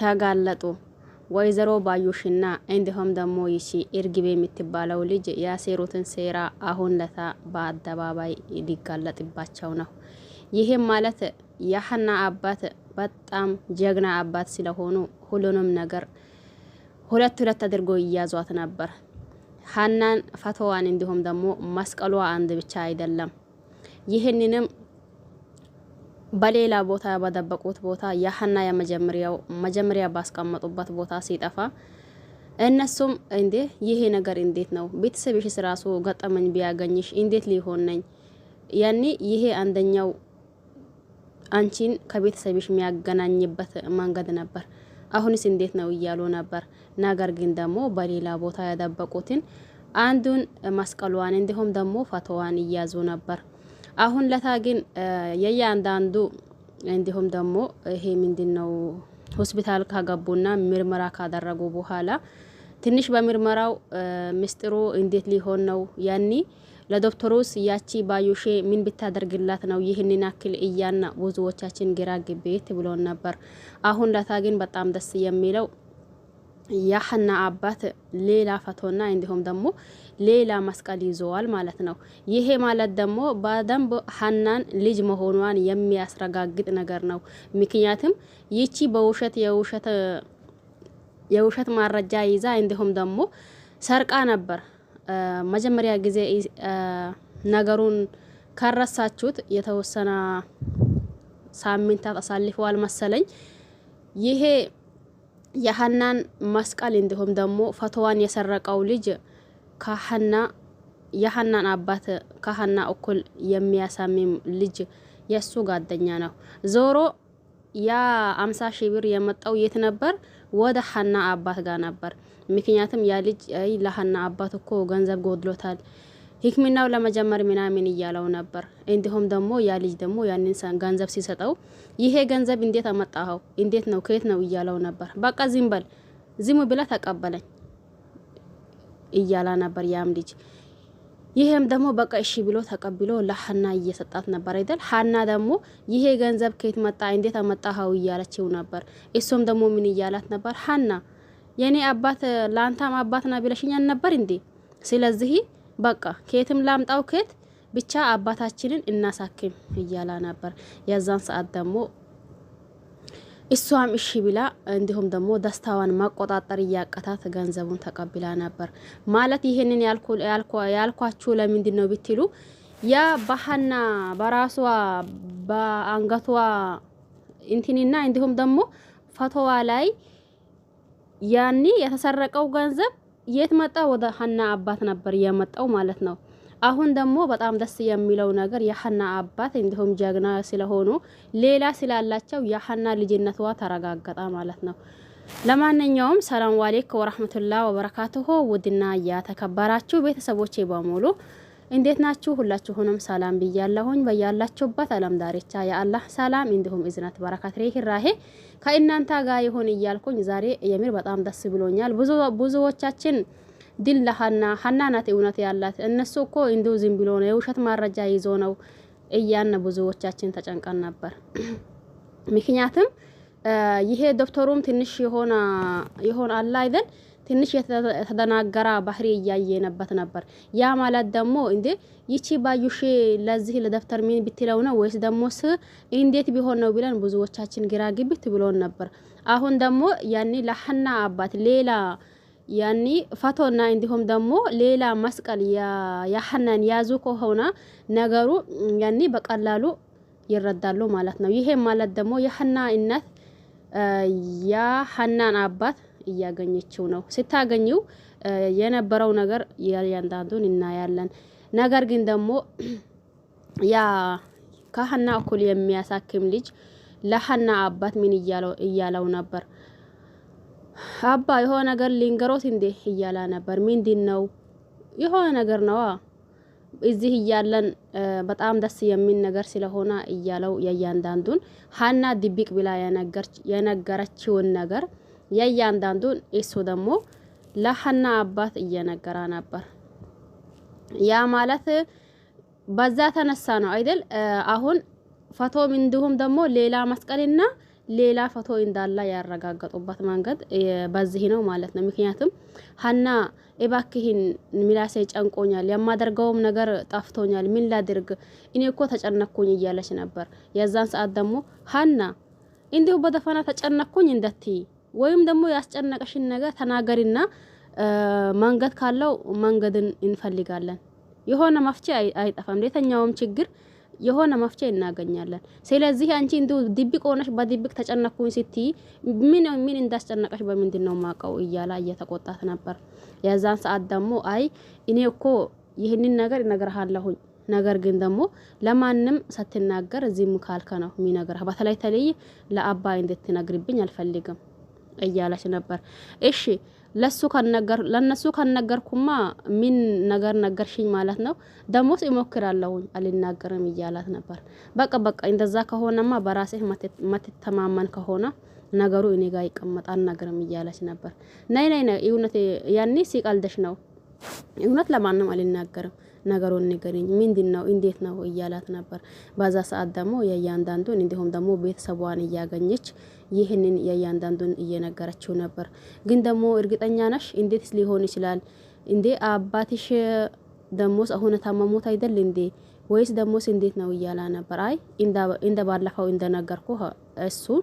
ተጋለጡ። ወይዘሮ ባዩሽና እንዲሁም ደግሞ ይቺ እርግብ የምትባለው ልጅ ያሴሩትን ሴራ አሁን ለታ በአደባባይ ሊጋለጥባቸው ነው። ይህም ማለት የሀና አባት በጣም ጀግና አባት ስለሆኑ ሁሉንም ነገር ሁለት ሁለት አድርጎ እያዟት ነበር። ሀናን ፈተዋን እንዲሁም ደግሞ መስቀሏ አንድ ብቻ አይደለም። ይህንንም በሌላ ቦታ በደበቁት ቦታ ያህና የመጀመሪያው መጀመሪያ ባስቀመጡበት ቦታ ሲጠፋ እነሱም እንዴ ይሄ ነገር እንዴት ነው? ቤተሰብሽስ ስራሱ ገጠመኝ ቢያገኝሽ እንዴት ሊሆን ነኝ? ያኔ ይሄ አንደኛው አንቺን ከቤተሰብሽ የሚያገናኝበት መንገድ ነበር። አሁንስ እንዴት ነው እያሉ ነበር። ነገር ግን ደግሞ በሌላ ቦታ ያደበቁትን አንዱን መስቀሏን እንዲሁም ደግሞ ፈቶዋን እያዙ ነበር። አሁን ለታ ግን የእያንዳንዱ እንዲሁም ደግሞ ይሄ ምንድን ነው ሆስፒታል ካገቡና ምርመራ ካደረጉ በኋላ ትንሽ በምርመራው ምስጢሩ እንዴት ሊሆን ነው? ያኒ ለዶክተሩስ ያቺ ባዩሼ ምን ብታደርግላት ነው ይህንን አክል እያና ብዙዎቻችን ግራ ግቤት ብሎን ነበር። አሁን ለታ ግን በጣም ደስ የሚለው ያህና አባት ሌላ ፈቶና እንዲሁም ደግሞ ሌላ መስቀል ይዘዋል ማለት ነው። ይሄ ማለት ደግሞ በደንብ ሀናን ልጅ መሆኗን የሚያስረጋግጥ ነገር ነው። ምክንያትም ይቺ በውሸት የውሸት የውሸት ማረጃ ይዛ እንዲሁም ደግሞ ሰርቃ ነበር። መጀመሪያ ጊዜ ነገሩን ከረሳችሁት የተወሰነ ሳምንታት አሳልፈዋል መሰለኝ ይሄ የሀናን መስቀል እንዲሁም ደግሞ ፈቶዋን የሰረቀው ልጅ ከሀና የሀናን አባት ከሀና እኩል የሚያሳምም ልጅ የእሱ ጓደኛ ነው። ዞሮ ያ አምሳ ሺህ ብር የመጣው የት ነበር? ወደ ሀና አባት ጋር ነበር። ምክንያቱም ያ ልጅ ለሀና አባት እኮ ገንዘብ ጎድሎታል ህክምናው ለመጀመር ምናምን እያለው ነበር። እንዲሁም ደግሞ ያ ልጅ ደግሞ ያንን ገንዘብ ሲሰጠው ይሄ ገንዘብ እንዴት አመጣኸው? እንዴት ነው? ከየት ነው? እያለው ነበር። በቃ ዝም በል ዝም ብላ ተቀበለኝ እያላ ነበር ያም ልጅ። ይሄም ደግሞ በቃ እሺ ብሎ ተቀብሎ ለሀና እየሰጣት ነበር አይደል? ሀና ደግሞ ይሄ ገንዘብ ከየት መጣ? እንዴት አመጣኸው? እያለችው ነበር። እሱም ደግሞ ምን እያላት ነበር? ሀና የኔ አባት ለአንተም አባት ና ብለሽኛል ነበር እንዴ? ስለዚህ በቃ ከየትም ላምጣው ክት ብቻ አባታችንን እናሳክም እያላ ነበር። የዛን ሰዓት ደግሞ እሷም እሺ ብላ እንዲሁም ደግሞ ደስታዋን መቆጣጠር እያቀታት ገንዘቡን ተቀብላ ነበር። ማለት ይህንን ያልኳችሁ ለምንድን ነው ብትሉ ያ ባህና በራሷ በአንገቷ እንትንና እንዲሁም ደግሞ ፈቶዋ ላይ ያኔ የተሰረቀው ገንዘብ የት መጣ? ወደ ሀና አባት ነበር የመጣው ማለት ነው። አሁን ደግሞ በጣም ደስ የሚለው ነገር የሀና አባት እንዲሁም ጀግና ስለሆኑ ሌላ ስላላቸው የሀና ልጅነቷ ተረጋገጠ ማለት ነው። ለማንኛውም ሰላም አለይኩም ወራህመቱላህ ወበረካቱሁ ውድና የተከበራችሁ ቤተሰቦቼ በሙሉ እንዴት ናችሁ? ሁላችሁንም ሰላም ብያለሁኝ። በያላችሁበት ዓለም ዳርቻ የአላህ ሰላም እንዲሁም እዝነት በረከት፣ ርህራሄ ከእናንተ ጋር ይሁን እያልኩኝ ዛሬ የምር በጣም ደስ ብሎኛል። ብዙዎቻችን ድል ለሀና ሀና ናት እውነት ያላት እነሱ እኮ እንዲሁ ዝም ብሎ ነው የውሸት ማረጃ ይዞ ነው እያነ ብዙዎቻችን ተጨንቀን ነበር። ምክንያቱም ይሄ ዶክተሩም ትንሽ የሆነ አለ አይደል ትንሽ የተደናገራ ባህሪ እያየነበት ነበር። ያ ማለት ደግሞ እንዴ ይቺ ባዩሽ ለዚህ ለደብተር ሚን ብትለው ነው ወይስ ደግሞስ እንዴት ቢሆን ነው ብለን ብዙዎቻችን ግራ ግብት ብሎን ነበር። አሁን ደግሞ ያኔ ለሀና አባት ሌላ ያኒ ፈቶና እንዲሁም ደግሞ ሌላ መስቀል ያሀናን ያዙ ከሆነ ነገሩ ያኒ በቀላሉ ይረዳሉ ማለት ነው። ይሄ ማለት ደግሞ የሀና እናት የሀናን አባት እያገኘችው ነው። ስታገኘው የነበረው ነገር ያንዳንዱን እናያለን። ነገር ግን ደግሞ ያ ከሀና እኩል የሚያሳክም ልጅ ለሀና አባት ምን እያለው ነበር? አባ የሆነ ነገር ሊንገሮት እንዴ እያላ ነበር። ምንድን ነው የሆነ ነገር ነዋ እዚህ እያለን በጣም ደስ የሚል ነገር ስለሆነ እያለው የእያንዳንዱን ሀና ድብቅ ብላ የነገረችውን ነገር የእያንዳንዱን እሱ ደግሞ ለሀና አባት እየነገራ ነበር። ያ ማለት በዛ ተነሳ ነው አይደል? አሁን ፈቶ እንዲሁም ደግሞ ሌላ መስቀልና ሌላ ፈቶ እንዳላ ያረጋገጡበት መንገድ በዚህ ነው ማለት ነው። ምክንያቱም ሀና እባክህን ሚላሴ ጨንቆኛል፣ የማደርገውም ነገር ጠፍቶኛል፣ ምን ላድርግ እኔ እኮ ተጨነኩኝ እያለች ነበር። የዛን ሰዓት ደግሞ ሀና እንዲሁ በደፈና ተጨነኩኝ እንደትይ ወይም ደግሞ ያስጨነቀሽን ነገር ተናገሪና መንገድ ካለው መንገድን እንፈልጋለን። የሆነ መፍቻ አይጠፋም። ለየትኛውም ችግር የሆነ መፍቻ እናገኛለን። ስለዚህ አንቺ እንዲሁ ድብቅ ሆነሽ በድብቅ ተጨነኩኝ ስትይ ምን ምን እንዳስጨነቀሽ በምንድን ነው ማቀው እያላ እየተቆጣት ነበር። የዛን ሰዓት ደግሞ አይ እኔ እኮ ይህንን ነገር እነግርሃለሁኝ ነገር ግን ደግሞ ለማንም ስትናገር ዝም ካልከ ነው የሚነግርህ። በተለይ ተለይ ለአባይ እንድትነግርብኝ አልፈልግም እያለች ነበር። እሺ ለሱ ከነገር ለነሱ ከነገርኩማ ምን ነገር ነገርሽኝ ማለት ነው። ደሞስ እሞክራለሁኝ አልናገርም እያላት ነበር። በቃ በቃ እንደዛ ከሆነማ በራስህ መትተማመን ከሆነ ነገሩ እኔ ጋር ይቀመጣል ነገርም እያለች ነበር። ነይ ነይ ናይ እውነት ያኔ ሲቀልደሽ ነው እውነት ለማንም አልናገርም ነገሩን ንገሪኝ፣ ምንድን ነው እንዴት ነው እያላት ነበር። በዛ ሰዓት ደግሞ የእያንዳንዱን እንዲሁም ደግሞ ቤተሰቧን እያገኘች ይህንን የእያንዳንዱን እየነገረችው ነበር። ግን ደግሞ እርግጠኛ ነሽ? እንዴትስ ሊሆን ይችላል እንዴ? አባትሽ ደሞስ አሁን ታመሙት አይደል እንዴ? ወይስ ደሞስ እንዴት ነው እያላ ነበር። አይ እንደ ባለፈው እንደነገርኩ እሱን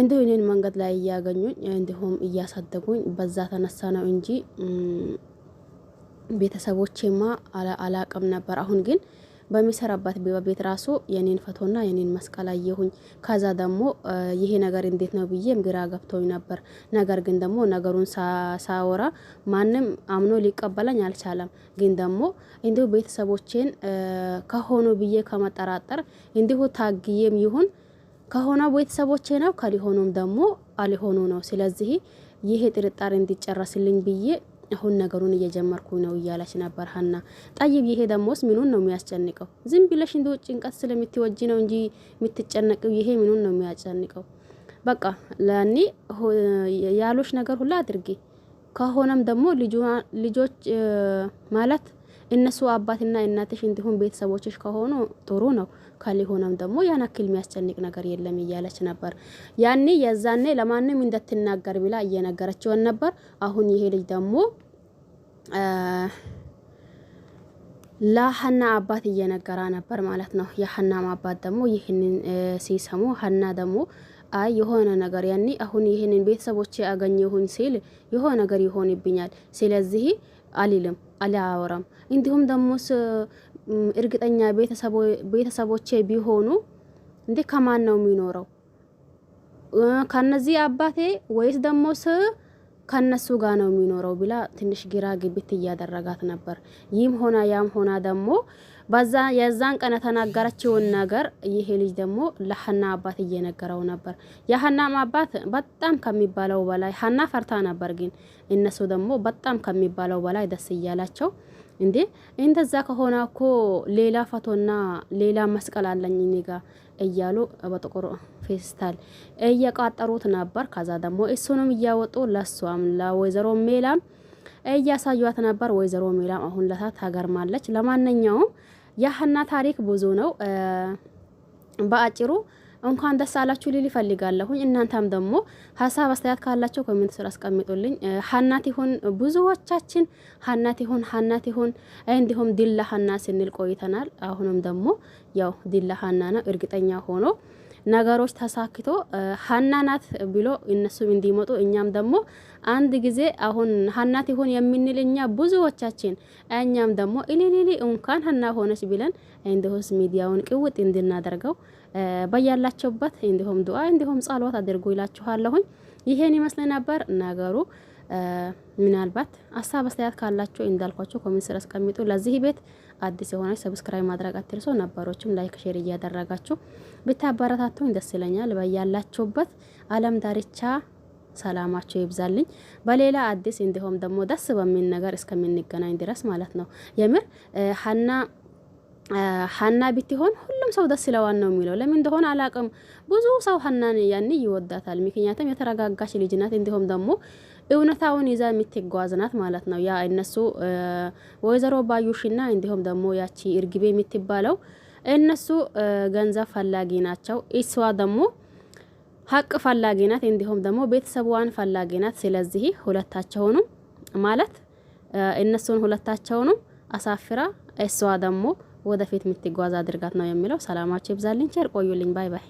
እንዲሁ እኔን መንገድ ላይ እያገኙኝ እንዲሁም እያሳደጉኝ በዛ ተነሳ ነው እንጂ ቤተሰቦቼማ አላቅም ነበር። አሁን ግን በሚሰራባት ቤት ራሱ የኔን ፈቶና የኔን መስቀል አየሁኝ። ከዛ ደግሞ ይሄ ነገር እንዴት ነው ብዬም ግራ ገብቶኝ ነበር። ነገር ግን ደግሞ ነገሩን ሳወራ ማንም አምኖ ሊቀበለኝ አልቻለም። ግን ደግሞ እንዲሁ ቤተሰቦቼን ከሆኑ ብዬ ከመጠራጠር እንዲሁ ታግዬም ይሁን ከሆነ ቤተሰቦቼ ነው፣ ከሊሆኑም ደግሞ አሊሆኑ ነው። ስለዚህ ይሄ ጥርጣሬ እንዲጨረስልኝ ብዬ አሁን ነገሩን እየጀመርኩ ነው እያለች ነበር ሀና ጠይብ። ይሄ ደሞስ ምኑን ነው የሚያስጨንቀው? ዝም ብለሽ እንደ ጭንቀት ስለምትወጂ ነው እንጂ የምትጨነቀው። ይሄ ምኑን ነው የሚያስጨንቀው? በቃ ለእኔ ያሉሽ ነገር ሁላ አድርጊ። ከሆነም ደግሞ ልጆች ማለት እነሱ አባትና እናትሽ እንዲሁም ቤተሰቦችሽ ከሆኑ ጥሩ ነው። ካልሆነም ደግሞ ያን አክል የሚያስጨንቅ ነገር የለም እያለች ነበር። ያኔ የዛኔ ለማንም እንደትናገር ብላ እየነገረችውን ነበር። አሁን ይሄ ልጅ ደግሞ ለሀና አባት እየነገራ ነበር ማለት ነው። የሀናም አባት ደግሞ ይህንን ሲሰሙ ሀና ደግሞ አይ የሆነ ነገር ያኔ አሁን ይህንን ቤተሰቦቼ አገኘሁኝ ሲል የሆነ ነገር ይሆንብኛል፣ ስለዚህ አልልም አላወራም። እንዲሁም ደግሞ እርግጠኛ ቤተሰቦቼ ቢሆኑ እንዴ ከማን ነው የሚኖረው? ከነዚህ አባቴ ወይስ ደግሞስ ከነሱ ጋር ነው የሚኖረው ብላ ትንሽ ግራ ግብት እያደረጋት ነበር። ይህም ሆና ያም ሆና ደግሞ በዛ የዛን ቀን የተናገረችውን ነገር ይሄ ልጅ ደግሞ ለሀና አባት እየነገረው ነበር። የሀናም አባት በጣም ከሚባለው በላይ ሀና ፈርታ ነበር፣ ግን እነሱ ደግሞ በጣም ከሚባለው በላይ ደስ እያላቸው እንዴ እንደዛ ከሆነ እኮ ሌላ ፎቶና ሌላ መስቀል አለኝ እኔ ጋ እያሉ በጥቁር ፌስታል እየቃጠሩት ነበር። ከዛ ደግሞ እሱንም እያወጡ ለሷም ለወይዘሮ ሜላም እያሳዩት ነበር። ወይዘሮ ሜላም አሁን ለታ ታገርማለች። ለማንኛውም ያህና ታሪክ ብዙ ነው። በአጭሩ እንኳን ደስ አላችሁ ሊል ይፈልጋለሁኝ። እናንተም ደግሞ ሀሳብ አስተያየት ካላቸው ኮሜንት ስር አስቀምጡልኝ። ሀናት ይሁን ብዙዎቻችን ሀናት ይሁን ሀናት ይሁን እንዲሁም ዲላ ሀና ስንል ቆይተናል። አሁንም ደግሞ ያው ዲላ ሀና ነው እርግጠኛ ሆኖ ነገሮች ተሳክቶ ሀና ናት ብሎ እነሱም እንዲመጡ እኛም ደግሞ አንድ ጊዜ አሁን ሀናት ይሁን የምንል እኛ ብዙዎቻችን እኛም ደግሞ ኢሊሊሊ እንኳን ሀና ሆነች ብለን እንዲሁስ ሚዲያውን ቅውጥ እንድናደርገው በያላቸውበት እንዲሁም ዱዓ እንዲሁም ጸሎት አድርጉ ይላችኋለሁኝ። ይሄን ይመስል ነበር ነገሩ። ምናልባት ሀሳብ አስተያየት ካላችሁ እንዳልኳቸው ኮሜንት ስር አስቀምጡ። ለዚህ ቤት አዲስ የሆነ ሰብስክራይብ ማድረግ አትርሶ። ነባሮችም ላይክ፣ ሼር እያደረጋችሁ ብታበረታቱኝ ደስ ይለኛል። በያላችሁበት ዓለም ዳርቻ ሰላማችሁ ይብዛልኝ። በሌላ አዲስ እንዲሁም ደግሞ ደስ በሚል ነገር እስከምንገናኝ ድረስ ማለት ነው። የምር ሀና ሀና ብትሆን ሁሉም ሰው ደስ ይለዋል ነው የሚለው። ለምን እንደሆነ አላቅም። ብዙ ሰው ሀናን ያን ይወዳታል። ምክንያቱም የተረጋጋች ልጅ ናት። እንዲሁም ደግሞ እውነታውን ይዛ የምትጓዝ ናት ማለት ነው። ያ እነሱ ወይዘሮ ባዩሽና እንዲሁም ደግሞ ያቺ እርግቤ የምትባለው እነሱ ገንዘብ ፈላጊ ናቸው። እሷ ደግሞ ሀቅ ፈላጊ ናት። እንዲሁም ደግሞ ቤተሰቧን ፈላጊ ናት። ስለዚህ ሁለታቸውንም ማለት እነሱን ሁለታቸውንም አሳፍራ እሷ ደግሞ ወደፊት የምትጓዝ አድርጋት ነው የሚለው። ሰላማቸው ይብዛልኝ። ቸር ቆዩልኝ። ባይ ባይ